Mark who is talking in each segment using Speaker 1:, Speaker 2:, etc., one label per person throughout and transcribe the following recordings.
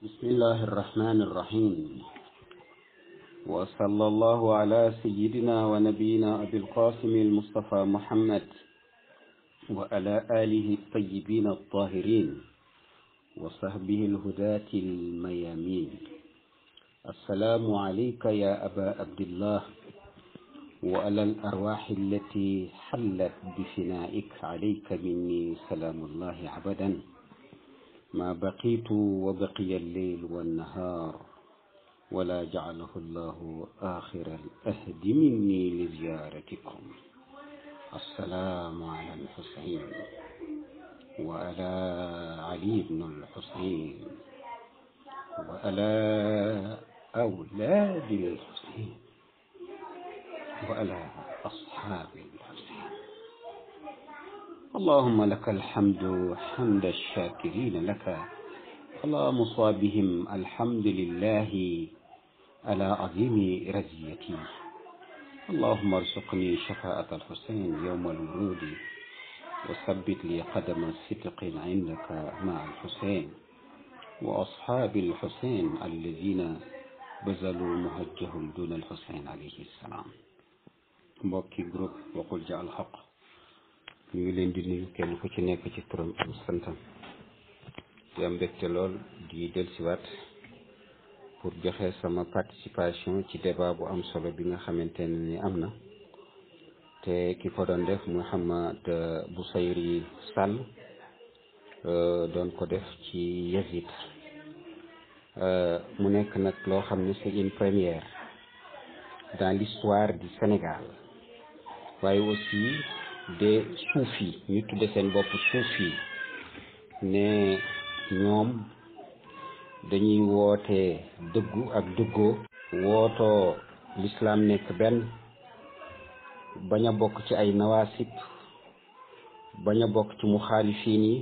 Speaker 1: بسم الله الرحمن الرحيم وصلى الله على سيدنا ونبينا أبي القاسم المصطفى محمد وعلى آله الطيبين الطاهرين وصحبه الهداة الميامين السلام عليك يا أبا عبد الله وعلى الأرواح التي حلت بفنائك عليك مني سلام الله عبدا ما بقيت وبقي الليل والنهار ولا جعله الله آخر الأهد مني لزيارتكم السلام على الحسين وعلى علي بن الحسين وعلى أولاد الحسين وعلى أصحاب الحسين اللهم لك الحمد حمد الشاكرين لك على مصابهم الحمد لله على عظيم رزيتي اللهم ارزقني شفاعة الحسين يوم الورود وثبت لي قدم الصدق عندك مع الحسين وأصحاب الحسين الذين بذلوا مهجهم دون الحسين عليه السلام مبكي جروب وقل جاء الحق ñu ngi leen di ku ci nekk ci turam am santam di am mbégte lool di dellusiwaat pour joxe sama participation ci débat bu am solo bi nga xamante ni am na te ki ko doon def Mouhamad Bousayri Sall euh, doon ko def ci Yazid euh, mu nekk nag loo xam ne c'est une première dans l'histoire du Sénégal waaye aussi des soufis ñu tudde seen bopp soufis ne ñoom dañuy woote dëggu ak dëggoo wootoo l'islam nekk benn bañ a bokk ci ay nawaasib bañ a bokk ci muxaalifiin yi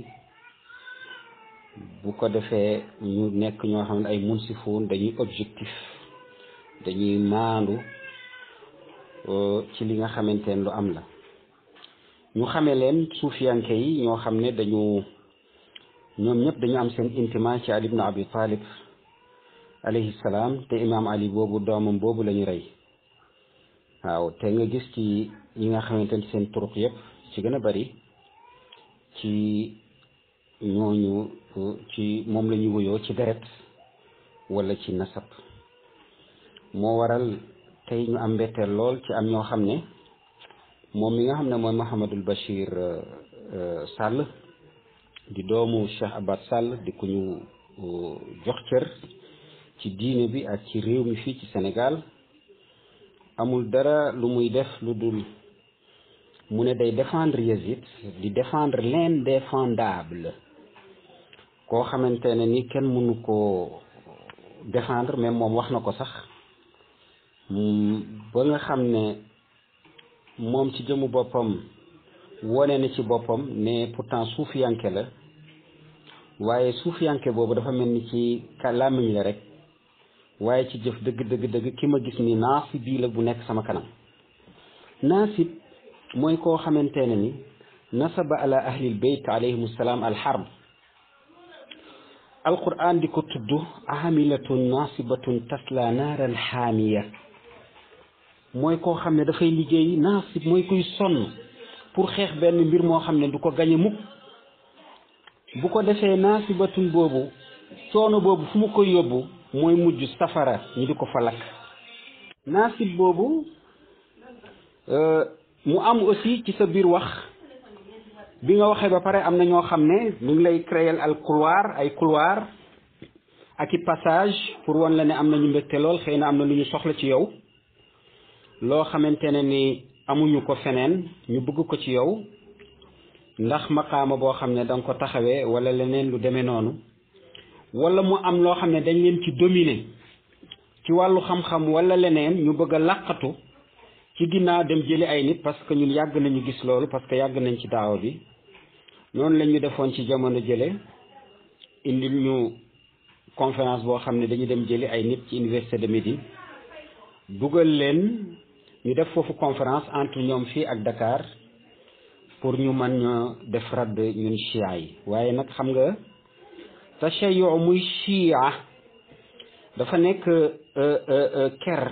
Speaker 1: bu ko defee ñu nekk ñoo xam ne ay munsifuun dañuy objectif dañuy maandu euh, ci li nga xamante lu am la ñu xamee leen suufiyanke yi ñoo xam ne dañu ñoom ñëpp dañu am seen intima ci Ali ibn Abi Talib alayhi salaam te imaam Ali boobu doomam boobu la rey waaw te nga gis ci ñi nga xamante ni seen turuq yëpp ci gën a bari ci ñooñu ci moom lañuy ñu wuyoo ci deret wala ci nasab moo waral tey ñu am mbetteel lool ci am ñoo xam ne moom mi nga xam ne mooy Mouhamadul Bachir euh, euh, sàll di doomu Cheikh Abad Sall di ku ñu euh, jox cër ci diine bi ak ci réew mi fii ci Sénégal amul dara lu muy def lu dul mu ne day défendre Yazid di défendre l'indéfendable koo xamante ne ni kenn mënu koo défendre même moom wax na ko sax hmm, ba nga xam ne moom ci jëmu boppam wone na ci boppam ne pourtant suufiyanke la waaye suufiyanke boobu dafa mel ni ci làmmiñ la rek waaye ci jëf dëgg dëgg dëgg ki ma gis ni naasib la bu nekk sama kanam naasib mooy koo xamante ne ni nasaba ala ahlil beyt alayhim salaam alxarb alquran di ko tudd aamilatun naasibatun tasla naaran xaamiya mooy koo xam ne dafay liggéey naasib mooy kuy sonn pour xeex benn mbir moo xam ne du ko gañe mukk bu ko defee naasibatun boobu coono boobu fu ma koy yóbbu mooy mujj safara ñu di ko fa lakk naasib boobu euh, mu am aussi ci sa biir wax bi nga waxee ba pare am na ñoo xam ne ñu ngi lay créer al couloir ay couloir ak i passage pour wan la ne am na ñu mbégte lool xëy na am na lu ñu soxla ci yow loo xamante ne ni amuñu ko feneen ñu bëgg ko ci yow ndax maqaama boo xam ne danga ko taxawee wala leneen lu demee noonu wala mu am loo xam ne dañ leen ci dominer ci wàllu xam-xam wala leneen ñu bëgg a làqatu ci ginnaaw dem jëli ay nit parce que ñun yàgg nañu gis loolu parce que yàgg nañ ci daaw bi noonu la ñu defoon ci jamono jële indil ñu conférence boo xam ne dañu dem jëli ay nit ci université de Médine dugal leen ñu def foofu conférence entre ñoom fii ak dakaar pour ñu mën ñoo def radd ñun chia yi waaye nag xam nga tashayyu muy chia dafa nekk euh, euh, euh, ker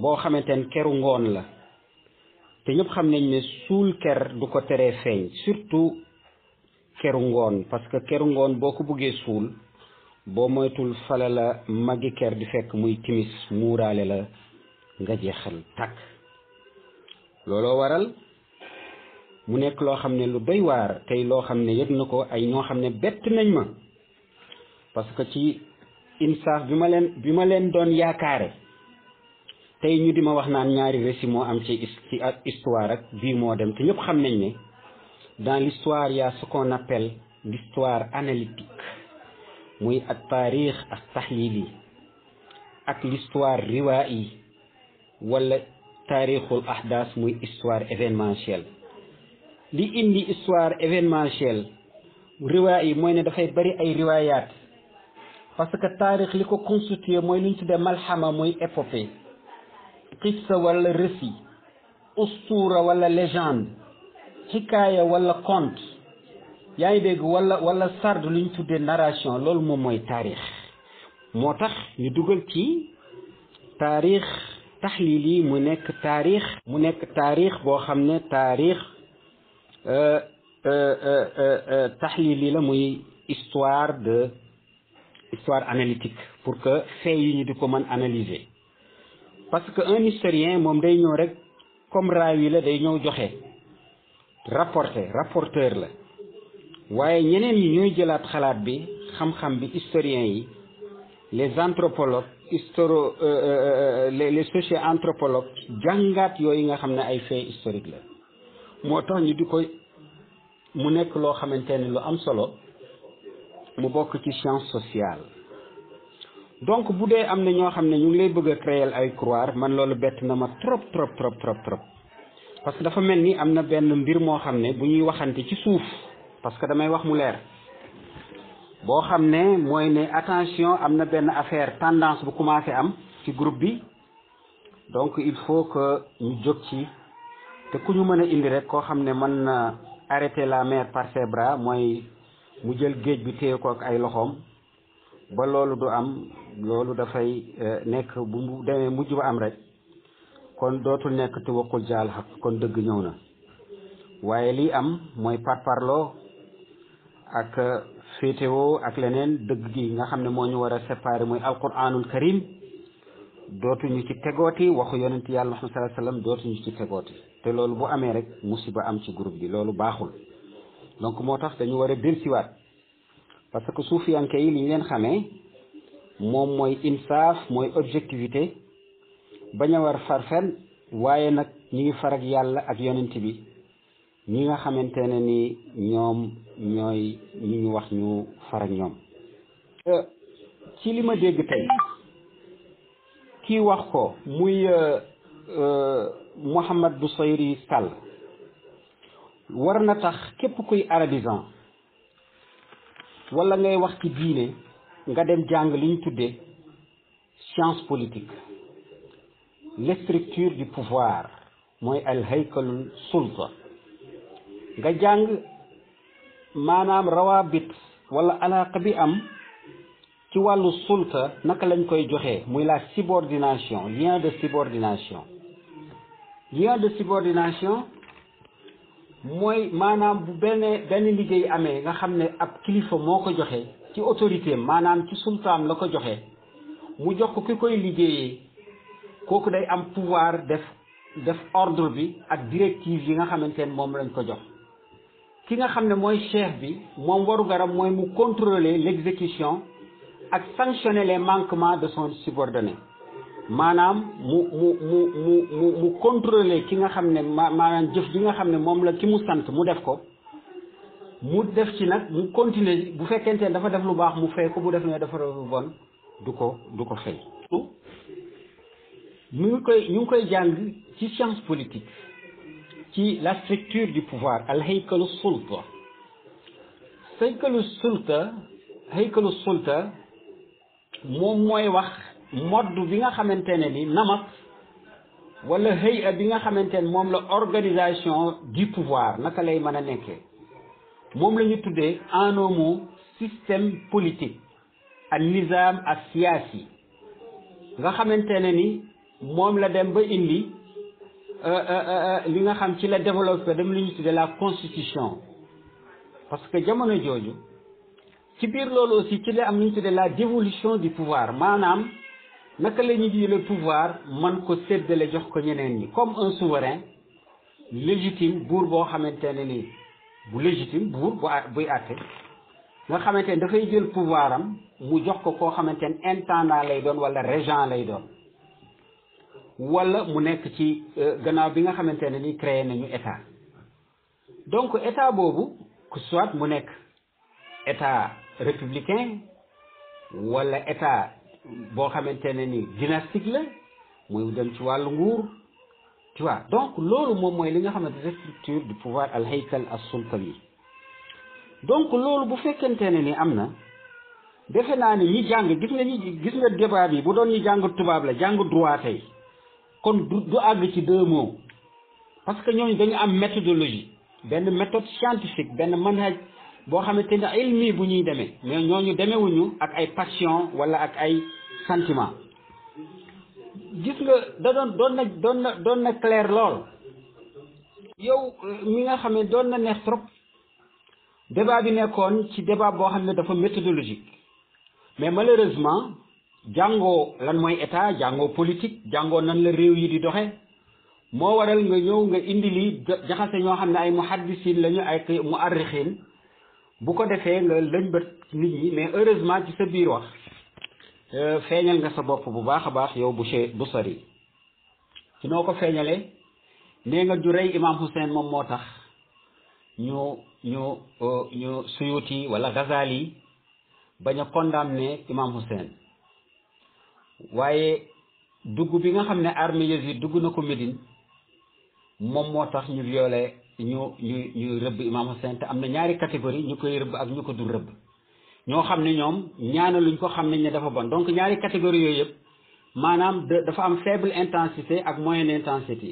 Speaker 1: boo xamante ne keru ngoon la te ñëpp xam nañ ne suul ker du ko teree feeñ surtout keru ngoon parce que keru ngoon boo ko buggee suul boo moytul fala la magi ker di fekk muy timis muuraale la nga jeexal tàkk looloo waral mu nekk loo xam ne lu doy waar tey loo xam ne yëg na ko ay ñoo xam ne bett nañ ma parce que ci insaaf bi ma leen bi ma leen doon yaakaare tey ñu di ma wax naan ñaari récit moo am ci ci histoire ak bii moo dem te ñëpp xam nañ ne dans l'histoire y a ce qu'on appelle l'histoire muy ak taarix ak taxlili ak l'histoire riwaayi wala taarixul ahdaas muy histoire événementielle li indi histoire événementielle riwaay yi mooy ne dafay bari ay riwaayaat parce que taarix li ko constitué mooy lu ñu tuddee malxama muy épopée qissa wala récit ustuura wala légende xikaaya walla conte yaa ngi dégg walla wala sard lu ñu tuddee narration loolu moom mooy taarix moo tax ñu dugal ci taarix taxliil yi mu nekk taarix mu nekk taarix boo xam ne taarix euh, euh, euh, taxliil yi la muy histoire de histoire analytique pour que faits yi ñu di ko mën analyse parce que un historien moom day ñëw rek comme raaw yi la day ñëw joxe rapporter rapporteur la waaye ñeneen yi ñooy jëlaat xalaat bi xam-xam bi historiens yi les anthropologues histori euh, euh, euh, les les socio-anthropologues jàngaat yooyu nga xam ne ay fait historique la moo tax ñu di ko mu nekk loo xamante ne lu am solo mu bokk ci science sociale donc bu dee am na ñoo xam ne ñu ngi lay bëgg a créer ay croire man loolu bett na ma trop trop trop trop trop parce que dafa mel ni am na benn mbir moo xam ne bu ñuy waxante ci suuf parce que damay wax mu leer boo xam ne mooy ne attention am na benn affaire tendance bu commencé am ci groupe bi donc il faut que ñu jóg ci te ku ñu mën a indi rek koo xam ne mën na arrêter la mer par ses mooy mu jël géej bi téye kook ay loxoom ba loolu du am loolu dafay euh, nekk bu mu demee mujj ba am rek kon dootul nekk te waxul jaal xaq kon dëgg ñëw na waaye lii am mooy parparloo ak féetewoo ak leneen dëgg gi nga xam ne moo ñu war a séparé mooy alquranul karim dootuñu ci tegooti waxu yonent yàlla Muhammad sallallahu alayhi wasallam dootuñu ci tegooti te loolu bu amee rek musiba am ci groupe gi loolu baaxul donc moo tax dañu war a delsiwaat parce que suufiyanke yi li leen xamee moom mooy insaaf mooy objectivité bañ a war farfen waaye nag ñu ngi farag yàlla ak yonent bi ñi nga xamante ne ni ñoom ñooy ñu ñu wax ñu far ñoom euh, ci li ma dégg tey kii wax ko muy euh, euh, Mouhamed Boussoyri Sall war na tax képp kuy arabisant wala ngay wax ci diine nga dem jàng li ñu tudde science politique les structures du pouvoir mooy al haykalul sulta nga jàng maanaam rawaabit wala alaaqa bi am ci wàllu sulta naka lañ koy joxee muy la subordination lien de subordination lien de subordination mooy maanaam bu benn benn liggéey amee nga xam ne ab kilifa moo ko joxe ci autorité maanaam ci sultaam la ko joxe mu jox ko ki koy liggéeyee kooku day am pouvoir def def ordre bi ak directive yi nga xamante ne moom lañ ko jox ki nga xam ne mooy chef bi moom waru garam mooy mu contrôler l'exécution ak sanctionner les manquements de son subordonné maanaam mu mu mu mu mu mu contrôler ki nga xam ne maanaam jëf ji nga xam ne moom la ki mu sant mu def ko mu def ci nag mu continuer bu fekkente ne dafa def lu baax mu fay ko bu def ne dafa def lu bon du ko du ko fay. ñu ngi koy ñu ngi koy jàng ci science politique. ci la structure du pouvoir al haykalu sulta haykalu sulta moom mooy wax modd bi nga xamante ne bi namat wala hëy bi nga xamante ni moom la organisation du naka lay mën a nekkee moom la ñu tuddee en un mot système politique a nizam ak siyaasi nga xamante ni moom la dem ba indi Euh, euh, euh, li nga xam ci la développe dem li ñu tuddee la constitution parce que jamono jooju ci biir loolu aussi ci la am li ñu tuddee la dévolution di pouvoir maanaam naka la ñuy jëlee pouvoir man ko séddale jox ko ñeneen ñi comme un souverain légitime buur boo xamante ne ni bu légitime buur bu buy àtte nga xamante ne dafay jël pouvoir am mu jox ko koo xamante ne intendant lay doon wala régent lay doon wala mu nekk ci euh, gannaaw bi nga xamante ne ni créer nañu état donc état boobu que soit mu nekk état républicain wala état boo xamante ne ni dynastique la muy dem ci wàllu nguur tu vois donc loolu moom mooy li nga xamante ne structure du pouvoir al haykal as sultawi donc loolu bu fekkente ne ni am na defe naa ni ñi jàng gis nga ñi gis nga débat bi bu doon ñi jàng tubaab la jàng droit tey kon du du àgg ci deux mots parce que ñooñu dañu am méthodologie benn méthode scientifique benn manhaj boo xamante ne ilmi bu ñuy demee mais ñooñu demewuñu ak ay passion wala ak ay sentiment gis nga da doon doon na doon na doon na clair lool yow euh, mi nga xam ne doon na neex trop débat bi nekkoon ci débat boo xam ne dafa méthodologique mais malheureusement jàngoo lan mooy état jàngoo politique jàngoo nan la réew yi di doxe moo waral nga ñëw nga indi lii jaxase ñoo xam ne ay muhaddisiin lañu ay mu arrixiin bu ko defee nga lëñbët nit ñi mais heureusement ci sa biir wax euh, feeñal nga sa bopp bu baax a baax yow bu che bu sori ci noo ko feeñalee nee nga ju rey imam Hussein moom moo tax ñu ñu euh, ñu suyuti wala Ghazali bañ a condamné imam Hussein waaye dugg bi nga xam ne armée Yazid dugg na ko Médine moom moo tax ñu violé ñu ñu ñu rëbb Imam Hussein te am na ñaari catégorie ñu koy rëbb ak ñu ko dul rëbb ñoo xam ne ñoom ñaanaluñ ko xam nañ ne dafa bon donc ñaari catégorie yooyu yëpp maanaam dafa am faible intensité ak moyenne intensité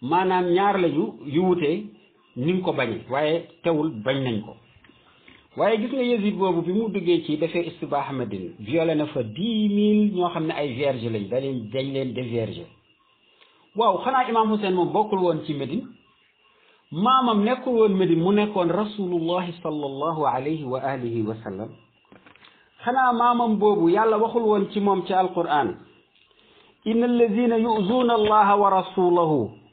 Speaker 1: maanaam ñaar lañu yu wutee ni ko bañee waaye teewul bañ nañ ko waaye gis nga boobu bi mu duggee ci dafee istibaax Madina violé na fa dix mille ñoo xam ne ay vierge lañ da leen dañ leen dévierge waaw xanaa imaam Hussein moom bokkul woon ci Médine maamam nekkul woon Médine mu nekkoon rasulullahi sallallahu alayhi wa alihi wa sallam xanaa maamam boobu yàlla waxul woon ci moom ci alquran inna allazina yuzuuna allaha wa rasulahu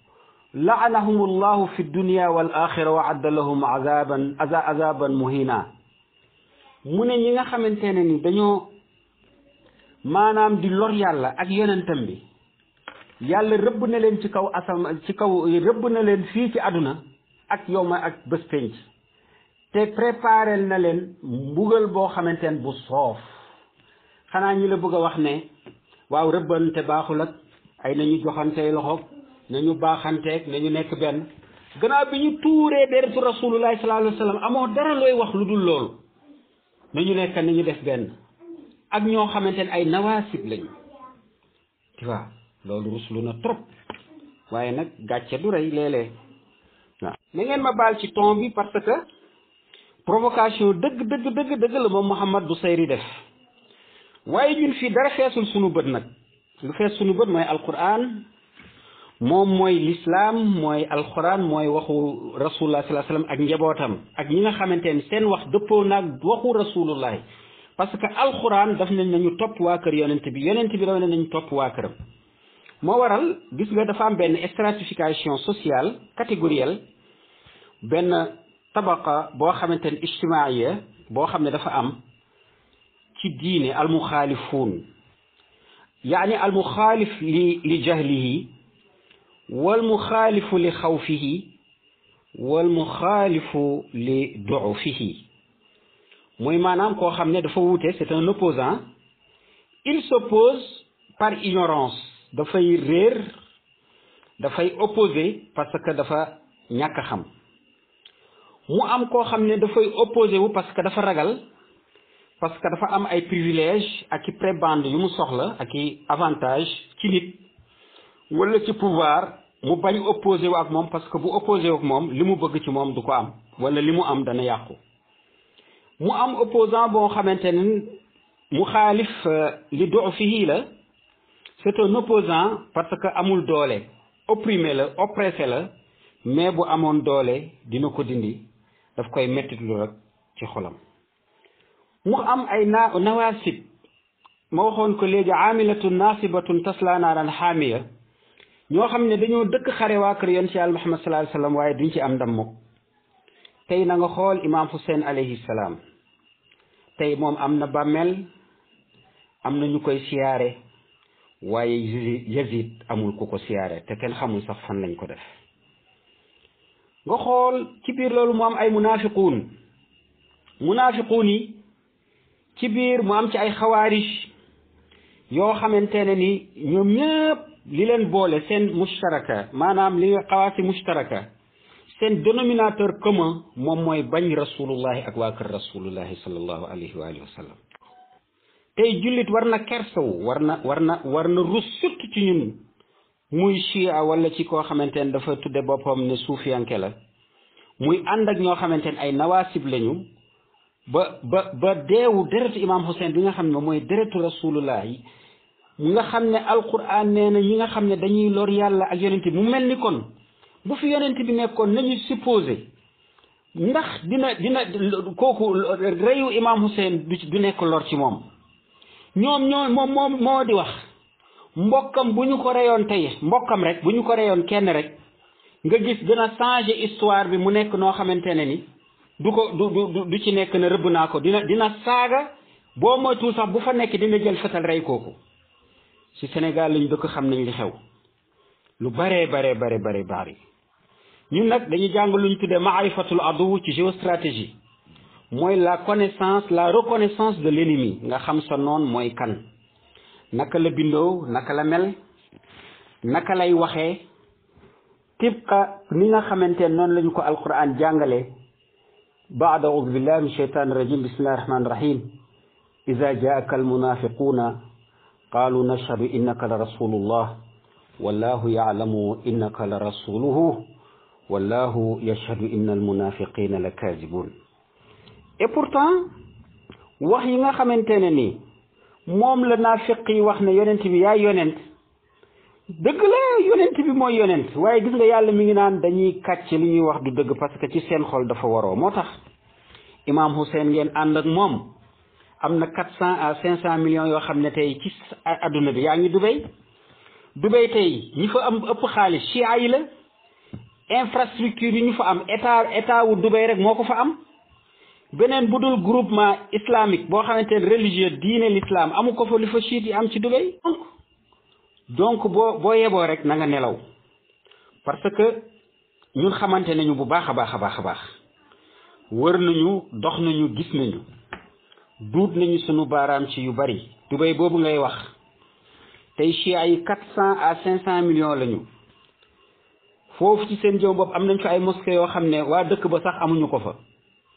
Speaker 1: laanahum allahu fi dunia wal axira wa adda lahum azaban azaban muhina mu ne ñi nga xamante ne ni dañoo maanaam di lor yàlla ak yonentam bi yàlla rëbb na leen ci kaw asam ci kaw rëbb na leen fii ci àdduna ak yow ma ak bés penc te préparé na leen mbugal boo xamante ne bu soof xanaa ñi la bëgg a wax ne waaw rëbbante baaxul ak ay nañu joxantey loxoog nañu baaxanteeg nañu nekk benn gannaaw bi ñu tuuree deretu rasulullahi sallallahu alayhi wa sallam dara looy wax lu dul loolu nañu nekk nañu def benn ak ñoo xamante ne ay nawaasib lañu tu loolu ruslu na trop waaye nag gàcce du rey léeg-léeg waaw na ngeen ma baal ci ton bi parce que provocation dëgg dëgg dëgg dëgg la moom Mouhamad Busayri def waaye ñun fii dara feesul sunu bët nag lu fees sunu bët mooy alquran moom mooy lislaam mooy alxuraan mooy waxu rasulullah sallallahu ak njabootam ak ñi nga xamante ni seen wax dëppoo naa waxu rasulullah parce que alxuraan daf nañ nañu topp waa kër yonent bi yonent bi raw nañu topp waa këram moo waral gis nga dafa am benn stratification sociale catégorielle benn tabaqa boo xamante ne ijtimaiya boo xam ne dafa am ci diine almuxaalifuun yaani almuxaalif li li jahlihi wal muxaalifu li xawfihi wal mu muxaalifu li duufihi mooy maanaam koo xam ne dafa wute c'est un opposant il s'oppose par ignorance dafay réer dafay opposé parce que dafa ñàkk xam mu am koo xam ne dafay opposé wu parce que dafa ragal parce que dafa am ay privilèges ak i prébende yu mu soxla ak i avantage ci nit wala ci pouvoir mu bañ opposé wu ak moom parce que bu opposé wu ak moom li mu bëgg ci moom du ko am wala li mu am dana yàqu mu am opposant boo xamante ni mu xaalif euh, li do fii la c'est un opposant parce que amul doole opprimé la oppressé la mais bu amoon doole dina ko dindi daf koy mettitlu rek ci xolam mu am ay na nawaasib ma waxoon ko léegi aamilatun naasibatun tasla naaran xaamiya ñoo xam ne dañoo dëkk xare waa kër yoon ci yàlla Muhammad sallallahu waaye duñ ci am ndam mukk tey na nga xool imaam Hussein alayhi salaam tey moom am na bàmmeel am na ñu koy siyaare waaye Yazid amul ku ko siyaare te kenn xamul sax fan lañ ko def nga xool ci loolu mu am ay munaafiquun munaafiquun yi ci biir mu am ci ay xawaarij yoo xamante ni ñoom ñëpp li leen boole seen mushtaraka maanaam li nga xawaat xawaasi mushtaraka seen dénominateur commun moom mooy bañ rasulullahi ak waa kër rasulullahi sallallahu alayhi wa alihi wa sallam tey jullit war na kersawu war na war na war na rus surtout ci ñun muy chia wala ci koo xamante ne dafa tudde boppam ne suufiyanke la muy ànd ak ñoo xamante ne ay nawaasib lañu ba ba ba deewu deretu imam Hussein bi nga xam ne mooy deretu rasulullah yi nga xam ne alquran nee na ñi nga xam ne dañuy lor yàlla ak yonent bi mu mel ni kon bu fi yonent bi nekkoon nañu supposé ndax dina dina kooku reyu imam Hussein du nekk lor ci moom ñoom ñoo moom moom moo di wax mbokkam bu ñu ko reyoon tey mbokkam rek bu ñu ko reyoon kenn rek nga gis dina changer histoire bi mu nekk noo xamante ne ni du ko du du ci nekk na rëbb naa ko dina dina saaga boo moytuwul sax bu fa nekk dina jël fetal rey kooku ci Sénégal lañ dëkk xam nañ li xew lu bare bare bare bare bari ñun nag dañuy jàng luñ tuddee maarifatul adu ci géostratégie mooy la connaissance la reconnaissance de l'ennemi nga xam sa noon mooy kan naka la bindoo naka la mel naka lay waxee tib ka ni nga xamante noonu lañu ko alquran jàngale baada audu billah min sheytan rajim bismillahi rahmani rahim ida jaaka almunafiquna qaalu nashhadu innaka la rasulullah wallahu yaalamu innaka la rasuluhu wallahu yashhadu inna almunafiqina la kaazibun et pourtant wax yi nga xamante ne ni moom la naafiq yi wax ne yonent bi yaay yonent dëgg la yonent bi mooy yonent waaye gis nga yàlla mi ngi naan dañuy kàcc li ñuy wax du dëgg parce que ci seen xol dafa waroo moo tax imaam Hussein ngeen ànd ak moom am na quatre cent à cinq cent millions yoo xam ne tey ci adduna bi yaa ngi Dubaï Dubaï tey ñi fa am ëpp xaalis chia yi la infrastructure yi ñu fa am état état wu Dubaï rek moo ko fa am beneen bu dul groupement islamique boo xamante ne religieux diine l'islam amu ko fa li fa chiite yi am ci Dubaï donc donc boo boo yeboo rek nanga nelaw parce que ñun xamante nañu bu baax a baax a baax a baax wër nañu dox nañu gis nañu duut nañu suñu baaraam ci yu bari Dubaï boobu ngay wax tey chia ay quatre cent à cinq cent millions lañu foofu ci seen jëm bopp am nañ fa ay mosquée yoo xam ne waa dëkk ba sax amuñu ko fa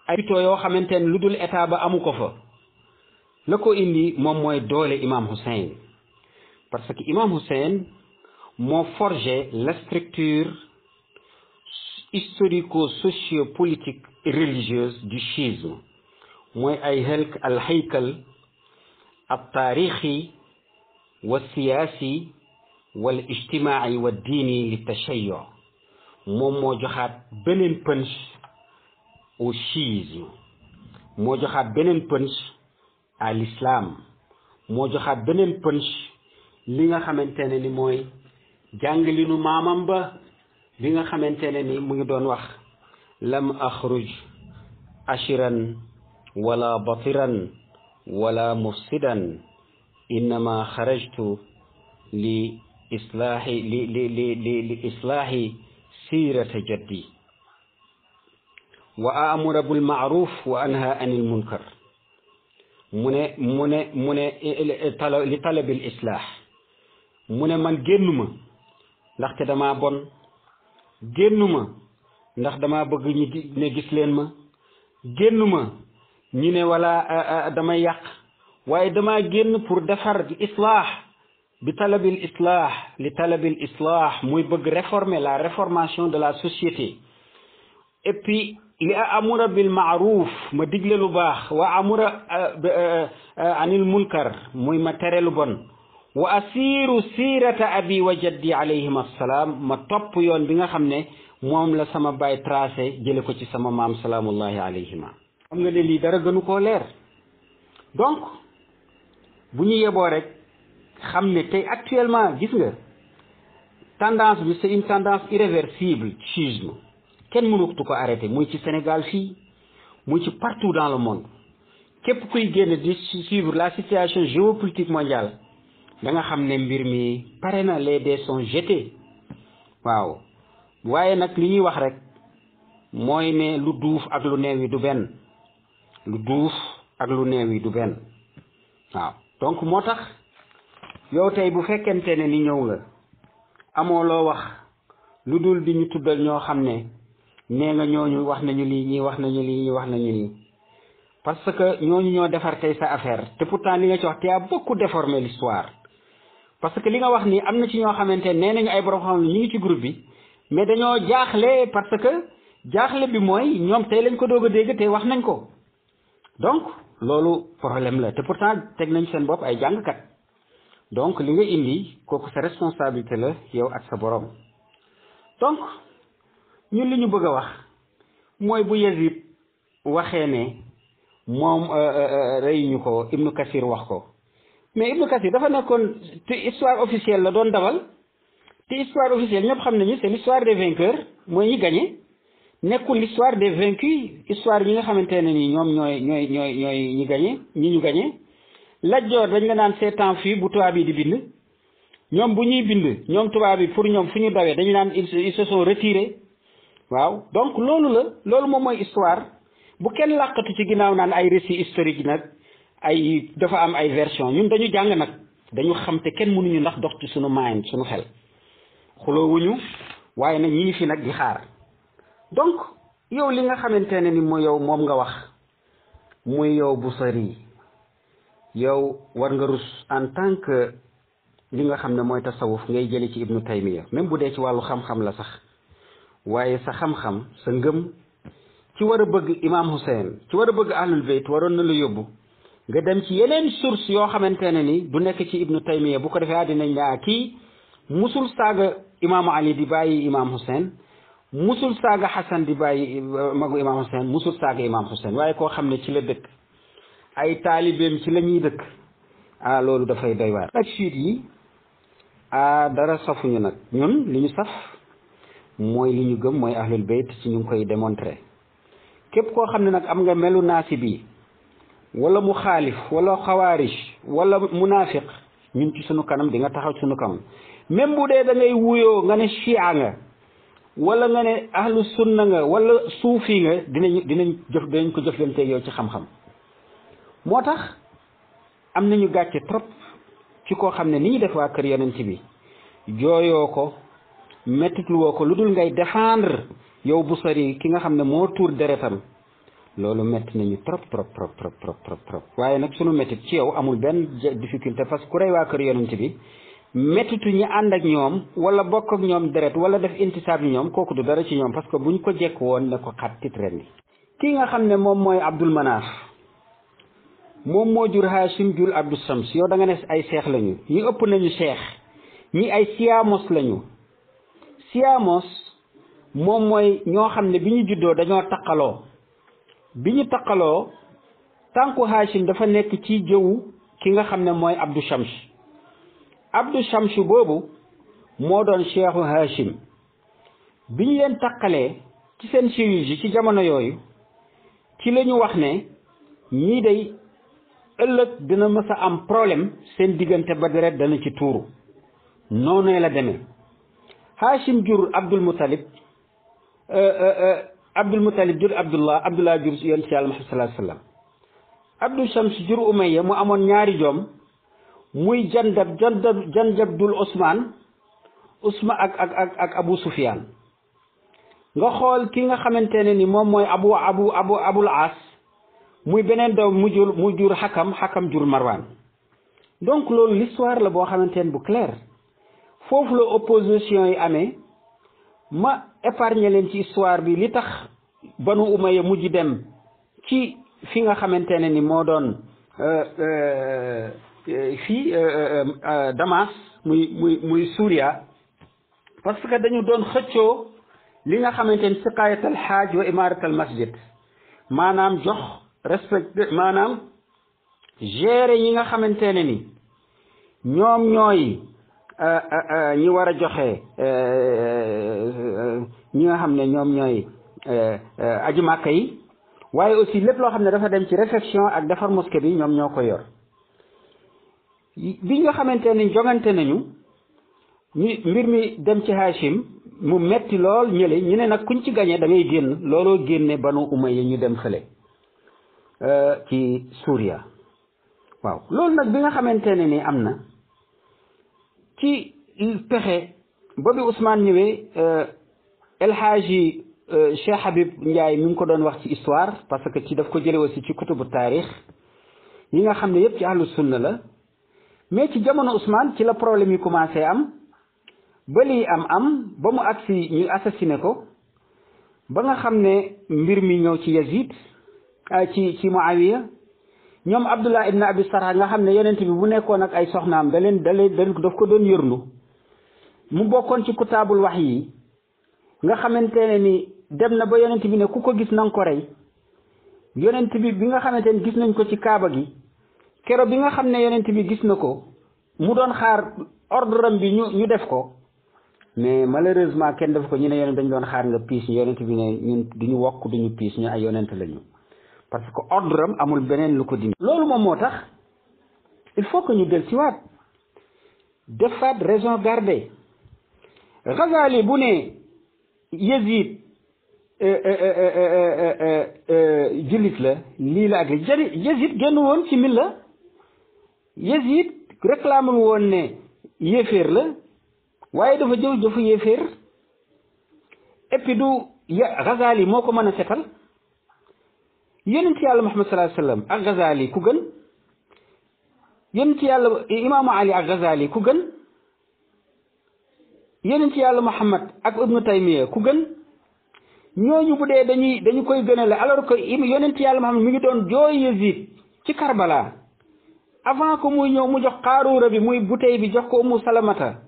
Speaker 1: ay hôpitaux yoo xamante ne lu dul état ba amu ko fa la ko indi moom mooy doole Imam Hussein parce que Imam Hussein moo forgé la structure historico socio politique et religieuse du chiisme mooy ay helk alxaykal al taarixi wa siyaasi wal ijtimaai wa diini li tashayo moom moo joxaat beneen pënc au moo joxaat beneen pënc à l'islam moo joxaat beneen pënc li nga xamante ne ni mooy jàng jànglinu maamam ba li nga xamante ne ni mu ngi doon wax lam axruj ashiran wala batiran wala mufsidan innama xarajtu li islaahi li li li li li islaahi siirata jaddi wa amura bil maaruf wa anha anil munkar mu ne mu ne mu ne li talabil islaax mu ne man génnuma ndaxte damaa bon génnuma ndax damaa bëgg ñu ne gis leen ma génnuma ñu ne wala damay yàq waaye dama génn pour defar di islaax bi talabil islaax li talabil islaax muy bëgg réformer la réformation de la société et puis li amura bil maaruf ma digle lu baax wa amura anil munkar muy ma tere lu bon wa asiiru siirata abi wa jaddi ma topp yoon bi nga xam ne moom la sama baay tracé jële ko ci sama maam salaamullahi alayhima xam nga ne lii dara gënu koo leer donc bu ñu yeboo rek xam ne tey actuellement gis nga tendance bi c'est une tendance irréversible schisme kenn mënutu ko arrêté muy ci Sénégal fii muy ci partout dans le monde képp kuy génne di suivre la situation géopolitique mondiale da nga xam ne mbir mi pare na les des sont jetés waaw waaye nag li ñuy wax rek mooy ne lu duuf ak lu neew yi du benn lu duuf ak lu néew yi du benn waaw donc moo tax yow tey bu fekkente ne ni ñëw nga amoo loo wax lu dul di ñu tuddal ñoo xam ne nee ñoo ñu wax nañu lii ñii wax nañu lii ñii wax nañu lii parce que ñoo ñu ñoo defar tey sa affaire te pourtant li nga ci wax te a beaucoup li l'histoire parce que li nga wax nii am na ci ñoo xamante nee nañu ay borom xam ne ñu ngi ci groupe bi mais dañoo jaaxle parce que jaaxle bi mooy ñoom tey lañ ko doog a dégg tey wax nañ ko donc loolu problème la te pourtant teg nañ seen bopp ay jàngkat donc li nga indi kooku sa responsabilité la yow ak sa borom donc ñun li ñu bëgg a wax mooy bu Yazid waxee ne moom euh, euh, euh, rey ñu ko Ibnu Kasir wax ko mais Ibnu Kasir dafa nekkoon te histoire officielle la doon dawal te histoire officielle ñëpp xam nañu c'est l'histoire des vainqueurs mooy ñi gagné nekkul l'histoire des vaincus histoire ñi nga xamante ne ni ñoom ñooy ñooy ñooy ñooy ñi gañe ñi ñu gañe lajjoor dañ la naan ces temps fii bu tubaab yi di bind ñoom bu ñuy bind ñoom tubaab yi pour ñoom fu ñu dawee dañu naan ils se sont waaw donc loolu la loolu moom mooy histoire bu kenn làqatu ci ginnaaw naan ay récits historiques nag ay dafa am ay version ñun dañu jàng nag dañu xam te kenn mënuñu ndax dox ci suñu maayin suñu xel xuloowuñu waaye nag ñi ngi fi nag di xaar donc yow li nga xamante ne ni mu yow moom nga wax muy yow bu sari yow war nga rus en tant que li nga xam ne mooy tasawuf ngay jële ci ibnu taymiya même bu dee ci wàllu xam-xam la sax waaye sa xam-xam sa ngëm ci war a bëgg imam Hussein ci war a bëgg ahlul bayt waroon na lu yóbbu nga dem ci yeneen source yoo xamante ne ni du nekk ci ibnu taymiya bu ko defee àddinañ laa ah, kii musul saaga imaamu ali di bàyyi imam Hussein musul saaga xasan di bàyyi eh, magu imaam Hussein musul saaga imaam Hussein waaye koo xam ne ci la dëkk ay taalibeem ci la ñuy dëkk loolu dafay doy waar ak siit yi ah dara safuñu nag ñun li ñu saf mooy li ñu gëm mooy ahlul bayt ci ñu koy démontrer képp koo xam ne nag am nga melu naasi bi wala mu xaalif wala xawaarij wala munaafiq ñun ci sunu kanam di nga taxaw suñu sunu kanam même bu dee da wuyoo nga ne chia nga wala nga ne ahlu na nga wala suufi nga dinañ dinañ jëf dinañ ko jëflanteeg yow ci xam-xam moo tax am nañu gàcce trop ci koo xam ne ni ñu def waa kër yonent bi jooyoo ko woo ko lu dul ngay défendre yow bu sori ki nga xam ne moo tuur deretam loolu metti nañu trop trop trop trop trop trop waaye nag sunu mettit ci yow amul benn difficulté parce que ku rey waa kër yonent bi méttitu ñi ànd ak ñoom wala bokk ak ñoom deret wala def intisaab yi ñoom kooku du dara ci ñoom parce que ñu ko jekk woon ne ko xat titren bi kii nga xam ne moom mooy Abdul Manaaf moom moo jur Haasim jul Abdou Sams yow da nga ne ay seex lañu ñi ëpp nañu seex ñi ay siyaamos lañu siyaamos moom mooy ñoo xam ne bi ñu juddoo dañoo taqaloo bi ñu taqaloo tànku Haasim dafa nekk ci jëwu ki nga xam ne mooy Abdou Sams abdu shamsu boobu moo doon cheikhu hashim bi ñu leen taqalee ci seen chirurgie ci jamono yooyu ci lañu wax ne ñii day ëllëg dina mës am problème seen diggante ba deret dana ci tuuru noonu la deme hashim jur abdul muttalib euh, euh, euh, abdul muttalib jur abdullah abdullah jur yonent si yàlla Muhammad sallallahu alayhi wa sallam abdul shams jur umayya mu amoon ñaari doom muy jandab jandab jandab dul Ousmane Ousmane ak ak ak Abu Sufyaan nga xool ki nga xamante ne ni moom mooy abu abu abu abul as muy beneen daw mu jur mu jur xakam xakam jur marwaan donc loolu l'histoire la boo xamante ne bu clair foofu la opposition yi amee ma épargner leen ci histoire bi li tax banu umaya mujj dem ci fi nga xamante ne ni moo doon euh, euh, Euh, fii euh, euh, Damas muy muy muy Suuriya parce que dañu doon xëccoo li nga xamante ni siqaayatal xaaj wa imaaratal masjid maanaam jox respecté maanaam gérer ñi nga xamante ne ni ñoom ñooy ñi war a joxe ñi nga xam ne ñoom ñooy aji màkka yi waaye aussi lépp loo xam ne dafa dem ci réfection ak defar mosquée bi ñoom ñoo ko yor bi nga xamante ni jongante nañu ñu mbir mi dem ci Hachim mu metti lool ñële ñu ne nag kuñ ci gañee da génn looloo génne banu Umayya ñu dem fële euh, ci Suuriya waaw loolu nag bi nga xamante ne ni am na ci pexe ba bi Ousmane ñëwee euh, El Hadji euh, Cheikh Habib Ndiaye mu ngi ko doon wax ci histoire parce que ci daf ko jële aussi ci kutubu taarix yi nga xam ne yépp ci ahlu sunna la mais ci jamono Ousmane ci la problème yi commencé am ba lii am am ba mu agsi ñu assassiné ko ba nga xam ne mbir mi ñëw ci Yazid ah, ci ci Muawiya ñoom Abdullah ibn Abi Sarha nga xam ne yonent bi bu nekkoon ak ay soxnaam da leen da leen daf ko doon yërlu mu bokkoon ci kutaabul wax yi nga xamante ni dem na ba yonent bi ne ku ko gis na ko rey yonent bi bi nga xamante ne gis nañ ko ci kaaba gi kero bi nga xam ne yonent bi gis na ko mu doon xaar ordre bi ñu ñu def ko mais malheureusement kenn def ko ñu ne yonent dañu doon xaar nga piis yonent bi ne ñun duñu wokk duñu piis ñu ay yonent lañu parce que ordre amul beneen lu ko dindi loolu moom moo tax il faut que ñu del ci waat defaat raison garder Ghazali bu ne Yazid euh, euh, euh, jullit la lii la ak li Yazid génn woon ci milla Yazid réclamé woon ne yéeféer la waaye dafa jëf jëfu yéeféer et puis du Ghazali moo ko mën a setal yonent yàlla Muhammad sallallahu alayhi wasallam ak Ghazali ku gën yonent yàlla imaamu Ali ak Ghazali ku yàlla Muhammad ak Ibnu Taymiya ku gën ñooñu bu dee dañuy dañu koy gënale alor que yonent yàlla Muhammad mi ngi doon jooy Yazid ci karbalaa avant ko muy ñëw mu jox xaaruura bi muy bouteille bi jox ko umu salamata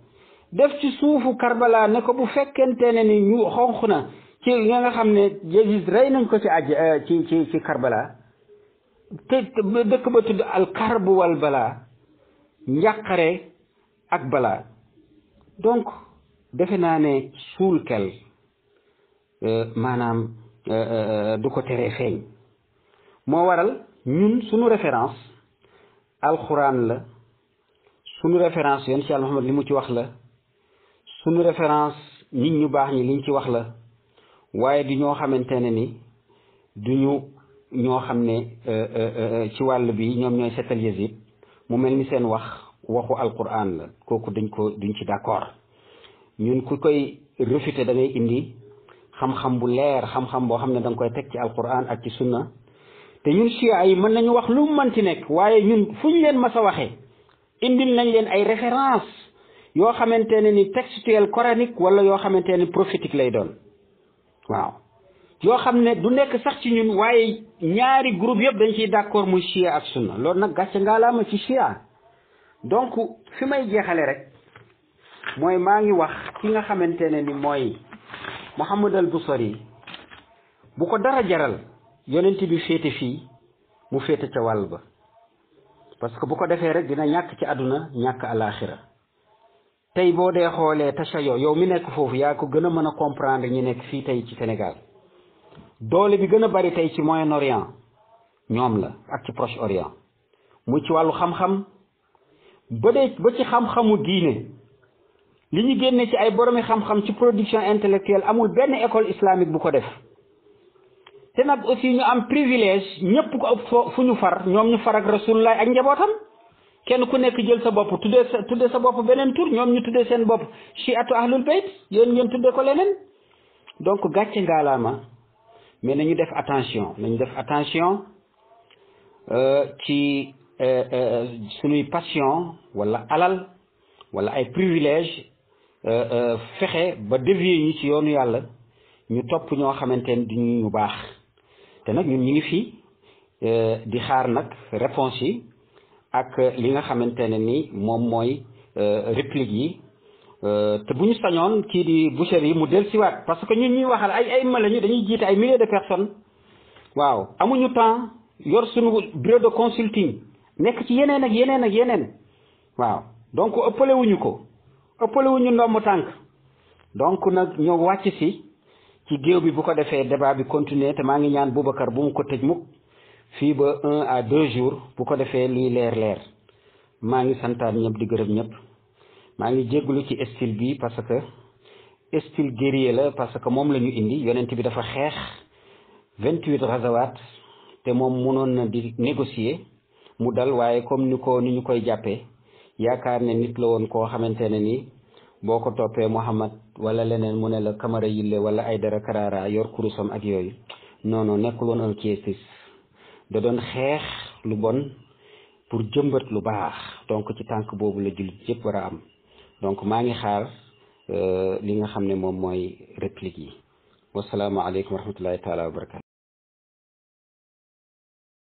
Speaker 1: def ci suufu karbala ne ko bu fekkente ne ni ñu xonq na ci nga nga xam ne Yazid rey nañ ko ci aj euh, ci ci ci te dëkk ba tudd al karbu wal bala njàqare ak bala donc defe naa ne suul kel euh, maanaam euh, du ko teree feeñ moo waral ñun suñu référence alxuraan la sunu référence yoon ci yàlla li mu ci wax la sunu référence nit ñu baax ñi liñ ci wax la waaye di ñoo xamante ne ni du ñu ñoo xam ne euh, euh, euh, ci wàll bi ñoom ñooy setal Yazid mu mel ni seen wax waxu alquran la kooku duñ ko duñ ci d'accord ñun ku koy réfuter da indi xam-xam bu leer xam-xam boo xam ne da koy teg ci alquran ak ci sunna te ñun chia yi mën nañu wax lu mu mënti nekk waaye ñun fu ñu leen ma sa waxee indil nañ leen ay référence yoo xamante ne ni textuel coranique wala yoo xamante ni prophétique lay doon waaw yoo xam ne du nekk sax ci ñun waaye ñaari groupe yëpp dañ ciy d'accord muy chia ak sunna loolu nag gàcce ma ci chia donc fi may jeexale rek mooy maa ngi wax ki nga xamante ne ni mooy Muhammad al Busari bu ko dara jaral yonent bi féete fii mu féete ca wàll ba parce que bu ko defee rek dina ñàkk ci àdduna ñàkk alaaxira tey boo dee xoolee tasha yo yow mi nekk foofu yaa ko gën a mën a comprendre ñu nekk fii tey ci Sénégal doole bi gën a bari tey ci Moyen-Orient ñoom la ak ci Proche-Orient mu ci wàllu xam-xam ba dee ba ci xam-xamu diine li ñu génne ci ay boromi xam-xam ci production intellectuelle amul benn école islamique bu ko def te nag aussi ñu am privilège ñëpp ko fu ñu far ñoom ñu far ak rasulullah ak njabootam kenn ku nekk jël sa bopp tuddee sa tuddee sa bopp beneen tur ñoom ñu tuddee seen bopp chiatu ahlul bayt yéen ngeen tuddee ko leneen donc gàcce ngaalaama mais nañu def attention nañu def attention euh, ci euh, euh, suñuy passion walla alal wala ay privilège fexe ba dévier ñu ci yoonu yàlla ñu topp ñoo xamante ne du ñu baax nag ñu ñu ngi fii eh, di xaar nag réponse yi ak li nga xamante ne ni moom mooy eh, réplique yi eh, te bu ñu sañoon kii di Boucheri yi mu del siwaat parce que ñun ñuy waxal ay ay ma lañu dañuy jiite ay milliers de personnes waaw amuñu temps yor suñu bureau de consulting nekk ci yeneen ak yeneen ak yeneen waaw donc ëppalewuñu ko ëppalewuñu ndomb tànk donc nag ñoo wàcc si ci géew bi bu ko defee débat bi continuer te maa ngi ñaan Boubacar bu mu ko tëj mukk fii ba un à deux jours bu ko defee luy leer leer maa ngi santaan ñëpp di gërëm ñëpp maa ngi jégglu ci style bi parce que style guerrier la parce que moom la ñu indi yonent bi dafa xeex vingt-huit razawaat te moom mënoon na di négocier mu dal waaye comme ni ko ni ñu koy jàppee yaakaar ne nit la woon koo xamante ne ni boo ko toppee Muhammad wala leneen mu ne la Camara Yille wala Aydara Karara yor kurusam ak yooyu non non nekkul woon un quiétiste da doon xeex lu bon pour jëmbat lu baax donc ci tànk boobu la jullit yëpp war a am donc maa ngi xaar euh, li nga xam ne moom mooy réplique yi wasalaamaaleykum wa rahmatullahi taala wa barakatu